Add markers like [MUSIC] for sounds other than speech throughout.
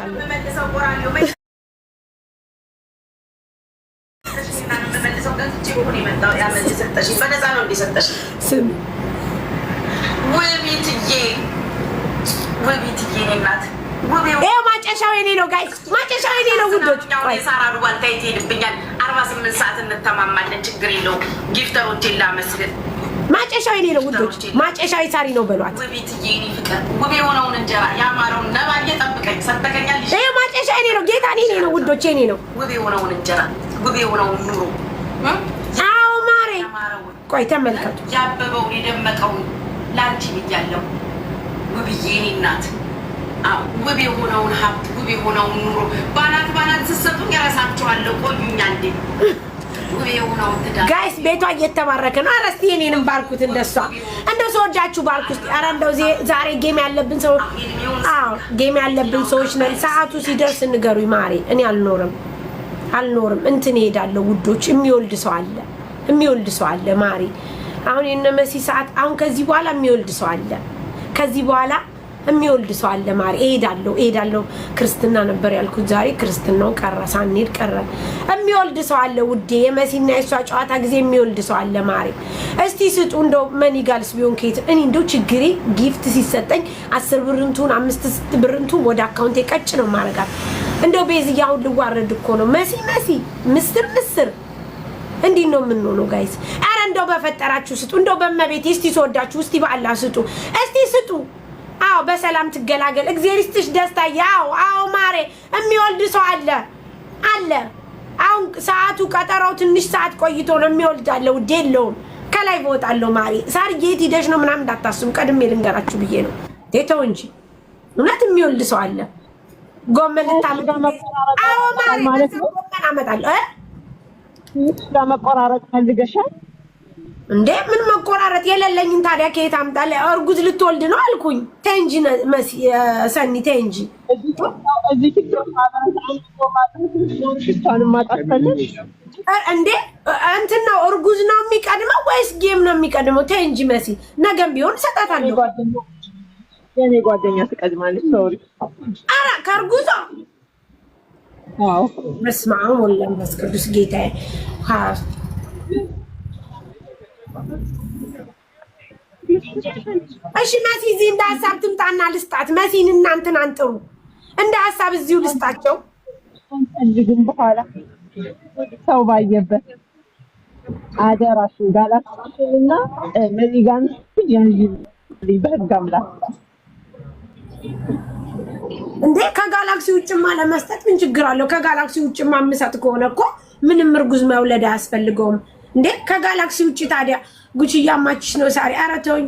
ማጨሻው የኔ ነው ጋይ ማጨሻው የኔ ነው ውዶች። ሳራ ሩባን ታይት አርባ ስምንት ሰዓት እንተማማለን። ችግር የለውም። ጊፍተሮቼን ላመስግን ማጨሻዊ ነው ውዶች፣ ማጨሻዊ ሳሪ ነው በሏት። ይሄ ማጨሻ እኔ ነው ጌታ እኔ ነው ውዶች፣ እኔ ነው። አዎ ማሬ፣ ቆይ ተመልከቱ። ያበበው የደመቀው ላንቺ ብያለሁ ውብዬ፣ እኔ እናት ውብ የሆነውን ሀብት ውብ የሆነውን ኑሮ ባናት ባናት ስትሰጡኝ እረሳችኋለሁ። ቆዩኛ እንዴ ጋይስ ቤቷ እየተባረከ ነው። ኧረ እስኪ እኔንም ባርኩት፣ እንደሷ እንደው ሰዎቻችሁ ባርኩት። ኧረ እንደው ዛሬ ጌም ያለብን ሰዎች፣ አዎ ጌም ያለብን ሰዎች ነን። ሰዓቱ ሲደርስ ንገሩኝ ማሬ። እኔ አልኖርም አልኖርም እንትን እሄዳለሁ ውዶች። የሚወልድ ሰው አለ የሚወልድ ሰው አለ ማሬ። አሁን የእነ ሰዓት አሁን ከዚህ በኋላ የሚወልድ ሰው አለ ከዚህ በኋላ የሚወልድ ሰው አለ። ማር እሄዳለሁ እሄዳለሁ ክርስትና ነበር ያልኩት፣ ዛሬ ክርስትናው ቀረ፣ ሳንሄድ ቀረ። የሚወልድ ሰው አለ ውዴ። የመሲና የሷ ጨዋታ ጊዜ የሚወልድ ሰው አለ። ማሪ እስቲ ስጡ እንደው መኒ ጋልስ ቢሆን ከየት እኔ እንደው ችግሬ ጊፍት ሲሰጠኝ አስር ብርንቱን አምስት ብርንቱን ወደ አካውንቴ ቀጭ ነው ማረጋት። እንደው ቤዝ እያሁን ልዋረድ እኮ ነው። መሲ መሲ ምስር ምስር እንዲህ ነው የምንሆነው ጋይስ። ኧረ እንደው በፈጠራችሁ ስጡ፣ እንደው በመቤቴ እስቲ ሰወዳችሁ እስቲ በአላ ስጡ፣ እስቲ ስጡ አዎ በሰላም ትገላገል። እግዚአብሔር ይስጥሽ ደስታ። ያው አዎ ማሬ የሚወልድ ሰው አለ አለ። አሁን ሰዓቱ ቀጠሮው ትንሽ ሰዓት ቆይቶ ነው የሚወልድ አለ። ውዴ የለውም ከላይ በወጣለሁ ማሪ ሳርዬ የት ሂደሽ ነው ምናምን እንዳታስቡ፣ ቀድሜ ልንገራችሁ ብዬ ነው። ተው እንጂ እውነት የሚወልድ ሰው አለ። ጎመን ልታመጣ አዎ ማሪ ጎመን አመጣለሁ ለመቆራረጥ ፈልገሻል እንዴ ምን መቆራረጥ የሌለኝን ታዲያ ከየት አምጣለ? እርጉዝ ልትወልድ ነው አልኩኝ። ተንጂ ሰኒ ተንጂ እንዴ እንትን ነው እርጉዝ ነው የሚቀድመው ወይስ ጌም ነው የሚቀድመው? ተንጂ መሲ ነገም ቢሆን እሰጣታለሁ። የኔ ጓደኛ ትቀድማለች። ሶሪ ከእርጉዞ ከእርጉዟ መስማም ወላሂ መንፈስ ቅዱስ ጌታዬ እሺ መሲ እዚህ እንደ ሀሳብ ትምጣና ልስጣት። መሲን እናንትን አንጥሩ እንደ ሀሳብ እዚሁ ልስጣቸው። ፈልግም በኋላ ሰው ባየበት አደራሽን ጋላክሽንና መዚጋን በህግ አምላክ እንዴ ከጋላክሲ ውጭማ ለመስጠት ምን ችግር አለው? ከጋላክሲ ውጭማ የምሰጥ ከሆነ እኮ ምንም እርጉዝ መውለድ አያስፈልገውም። እንዴ ከጋላክሲ ውጭ ታዲያ ጉቺ እያማችሽ ነው ሳሪ። ኧረ ተውኝ፣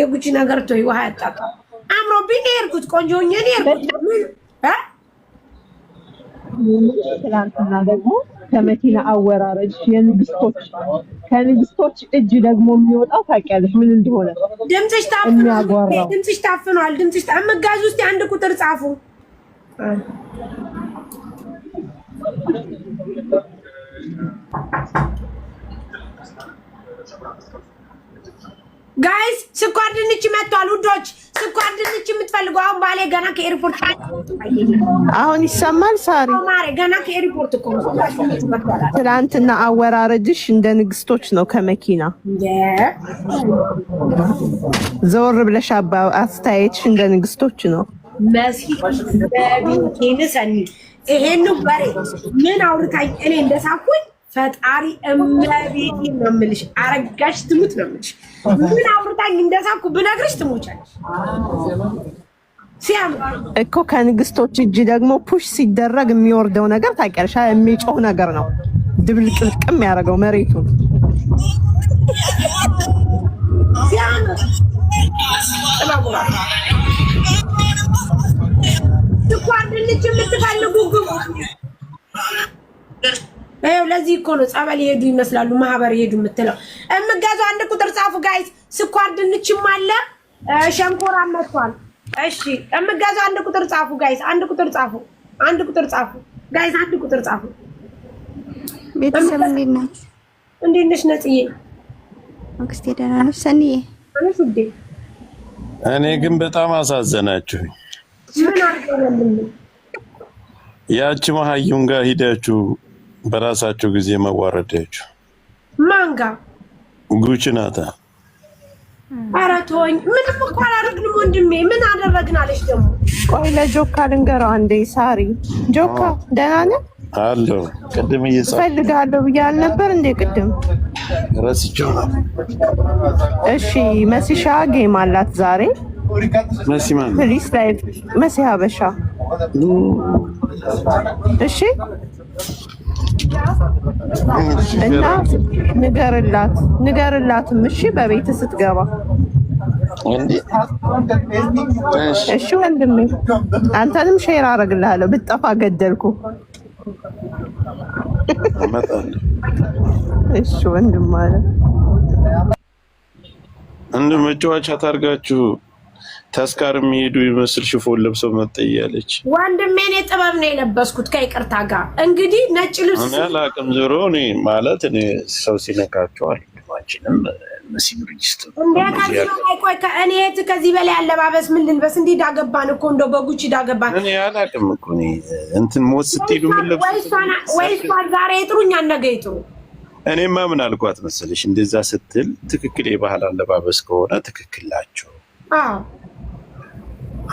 የጉቺ ነገር ተወኝ። ውሃ ያጣጣ አምሮብኝ ነው የሄድኩት፣ ቆንጆ ሆኜ ነው የሄድኩት። ትናንትና ደግሞ ከመኪና አወራረጅ የንግስቶች ከንግስቶች እጅ ደግሞ የሚወጣው ታውቂያለሽ ምን እንደሆነ። ድምፅሽ ታፍኗል፣ ድምፅሽ ታፍኗል። ድምፅሽ እምጋዙ ውስጥ አንድ ቁጥር ጻፉ። ጋይስ ስኳር ድንች መጥቷል ውዶች። ስኳር ድንች የምትፈልገው አሁን ባሌ ገና ከኤርፖርት አሁን ይሰማል። ሳሪ ገና ከኤርፖርት እኮ ትናንትና አወራረድሽ እንደ ንግስቶች ነው። ከመኪና ዘወር ብለሽ አስተያየትሽ እንደ ንግስቶች ነው። ይሄን በሬ ምን አውርታኝ እኔ እንደሳኩኝ ፈጣሪ እመቤቴ ነው የምልሽ። አረጋሽ ትሙት ነው የምልሽ። ምን አውርታኝ እንደሳኩ ብነግርሽ ትሞቻለሽ እኮ። ከንግስቶች እጅ ደግሞ ፑሽ ሲደረግ የሚወርደው ነገር ታውቂያለሽ፣ የሚጮህ ነገር ነው ድብልቅልቅም ያደረገው መሬቱ ስኳር ድንች የምትፈልጉ ግቡ ይኸው ለዚህ እኮ ነው ጸበል የሄዱ ይመስላሉ ማህበር የሄዱ የምትለው የምገዙ አንድ ቁጥር ጻፉ ጋይስ። ስኳር ድንችም አለ ሸንኮራ መጥቷል። እሺ የምገዙ አንድ ቁጥር ጻፉ ጋይስ። አንድ ቁጥር ጻፉ፣ አንድ ቁጥር ጻፉ ጋይስ፣ አንድ ቁጥር ጻፉ። ቤተሰብ እንዴት ናችሁ? እንዴት ነሽ ነጽዬ? አክስቴ ደህና ነሽ? ሰኒዬ እኔ ግን በጣም አሳዘናችሁ። ምን ያቺ መሀዩን ጋር ሂዳችሁ በራሳቸው ጊዜ መዋረዳቸው ማንጋ ጉች ናታ። ኧረ ተወኝ። ምንም እኮ አላደረግንም ወንድሜ። ምን አደረግን አለች ደግሞ። ቆይ ለጆካ ልንገረው አንዴ። ሳሪ ጆካ ደህና ነህ? አለሁ። ቅድም እየጻፍኩ እፈልግሃለሁ ብዬ አልነበር እንዴ? ቅድም ረስቼው ነው። እሺ መሲሻ ጌም አላት ዛሬ። መሲ ማለት ፕሊስ ላይቭ መሲ ሀበሻ እሺ እና ንገርላት ንገርላትም፣ እሺ በቤት ስትገባ እሺ ወንድሜ፣ አንተንም ሼር አደርግልሃለሁ። ብጠፋ ገደልኩ። እሺ ወንድም እንደ መጫወቻ ታርጋችሁ ተስካር የሚሄዱ ይመስል ሽፎን ለብሰው መጣ እያለች ወንድሜ፣ እኔ ጥበብ ነው የለበስኩት ከይቅርታ ጋር እንግዲህ ነጭ ልብስ አላቅም። ዞሮ እኔ ማለት እኔ ሰው ሲነካቸዋል ማችንም መሲም እህት ከዚህ በላይ አለባበስ ምን ልንበስ? እንዲህ ዳገባን እኮ እንደው በጉቺ ዳገባን እኔ አላቅም እኮ እንትን ሞት ስትሄዱ ምን ለብሱ ወይ እሷን ዛሬ ይጥሩ እኛን ነገ ይጥሩ። እኔማ ምን አልኳት መሰለሽ እንደዛ ስትል ትክክል የባህል አለባበስ ከሆነ ትክክል ናቸው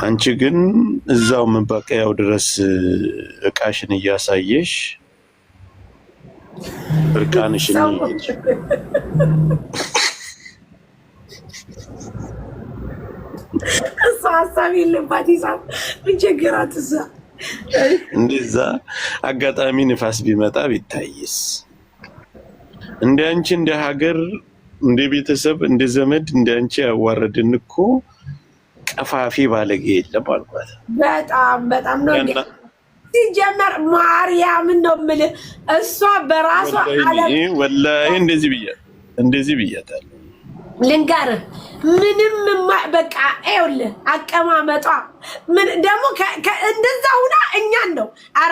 አንቺ ግን እዛው መባቀያው ድረስ እቃሽን እያሳየሽ እርቃንሽን እሷ [LAUGHS] ሀሳብ የለባት እዛ እንደዛ አጋጣሚ ንፋስ ቢመጣ ቢታይስ እንደ አንቺ እንደ ሀገር እንደ ቤተሰብ እንደ ዘመድ እንደ አንቺ ያዋረድን እኮ ጠፋፊ ባለጌ የለም አልኳት። በጣም በጣም ነው ሲጀመር ማርያም ነው የምልህ። እሷ በራሷ ወላሂ እንደዚህ ብያ እንደዚህ ብያታለሁ። ልንገርህ ምንም በቃ ይኸውልህ አቀማመጧ ምን ደግሞ እንደዛ ሁና እኛ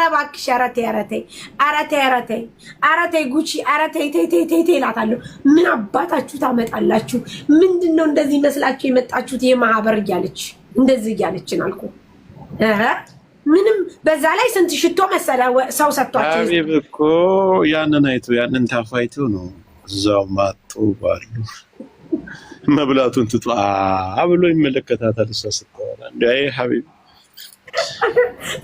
ኧረ እባክሽ ኧረ ተይ ኧረ ተይ ኧረ ተይ ኧረ ተይ ኧረ ተይ ጉቺ ኧረ ተይ ተይ ተይ ተይ ተይ እላታለሁ። ምን አባታችሁ ታመጣላችሁ? ምንድን ነው እንደዚህ መስላችሁ የመጣችሁት? ይሄ ማህበር እያለች እንደዚህ እያለችን አልኩ። ኧረ ምንም በዛ ላይ ስንት ሽቶ መሰለ ሰው ሰጥቷቸው አቤብ እኮ ያንን አይቶ ያንን ታፋይቶ ነው እዛው ማጡ ባሉ መብላቱን ትቶ አብሎ ይመለከታታል። እሷ ስታወራ እንዲ ሀቢብ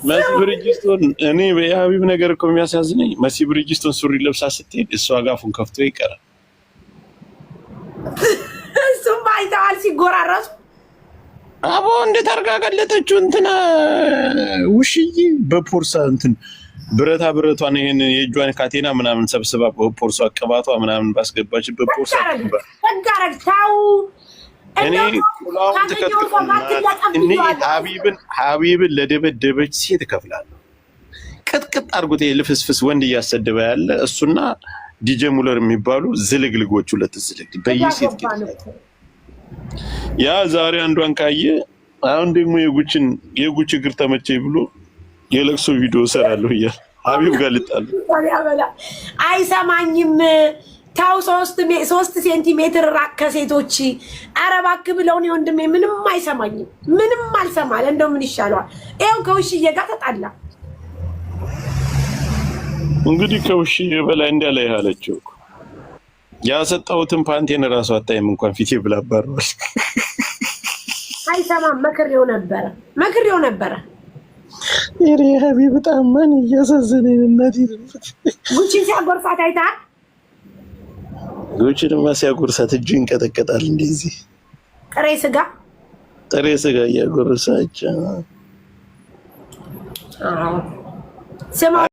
መሲ ብርጅስቶን እኔ የሀቢብ ነገር እኮ የሚያሳዝነኝ መሲ ብርጅስቶን ሱሪ ለብሳ ስትሄድ እሷ ጋፉን ከፍቶ ይቀራል። እሱም አይተዋል ሲጎራረሱ። አቦ እንዴት አርጋ ቀለጠችው! እንትን ውሽዬ በፖርሳ እንትን ብረታ ብረቷን ይሄን የእጇን ካቴና ምናምን ሰብስባ በፖርሷ ቅባቷ ምናምን ባስገባችበት ፖርሳ ታው እኔ ቁላውን ትቀጥቅጡና እኔ ሀቢብን ሀቢብን ለደበደበች ሴት እከፍላለሁ። ቅጥቅጥ አድርጎት ልፍስፍስ ወንድ እያሰደበ ያለ እሱና ዲጄ ሙለር የሚባሉ ዝልግልጎች ሁለት ዝልግል በየሴት ያ ዛሬ አንዷን ካየ አሁን ደግሞ የጉችን የጉች እግር ተመቸኝ ብሎ የለቅሶ ቪዲዮ እሰራለሁ እያለ ሀቢብ ጋር ልጣለሁ። አይሰማኝም ታው ሶስት ሴንቲሜትር ራቅ ከሴቶች ኧረ እባክህ ብለውን የወንድሜ ምንም አይሰማኝም፣ ምንም አልሰማል። እንደው ምን ይሻለዋል? ይኸው ከውሽዬ ጋር ተጣላ። እንግዲህ ከውሽዬ በላይ እንዳለ ያለችው ያሰጣሁትን ፓንቴን እራሱ አታይም እንኳን ፊቴ ብላ አባረዋል። አይሰማም። መክሬው ነበረ፣ መክሬው ነበረ። ሬ ሀቢ በጣም ማን እያሳዘነኝ እናት ጉቺ ሲያጎርፋት አይተሃል? ጉቺንማ ሲያጎርሳት እጁ ይንቀጠቀጣል። እንደዚህ ጥሬ ስጋ ጥሬ ስጋ እያጎረሳች ስማ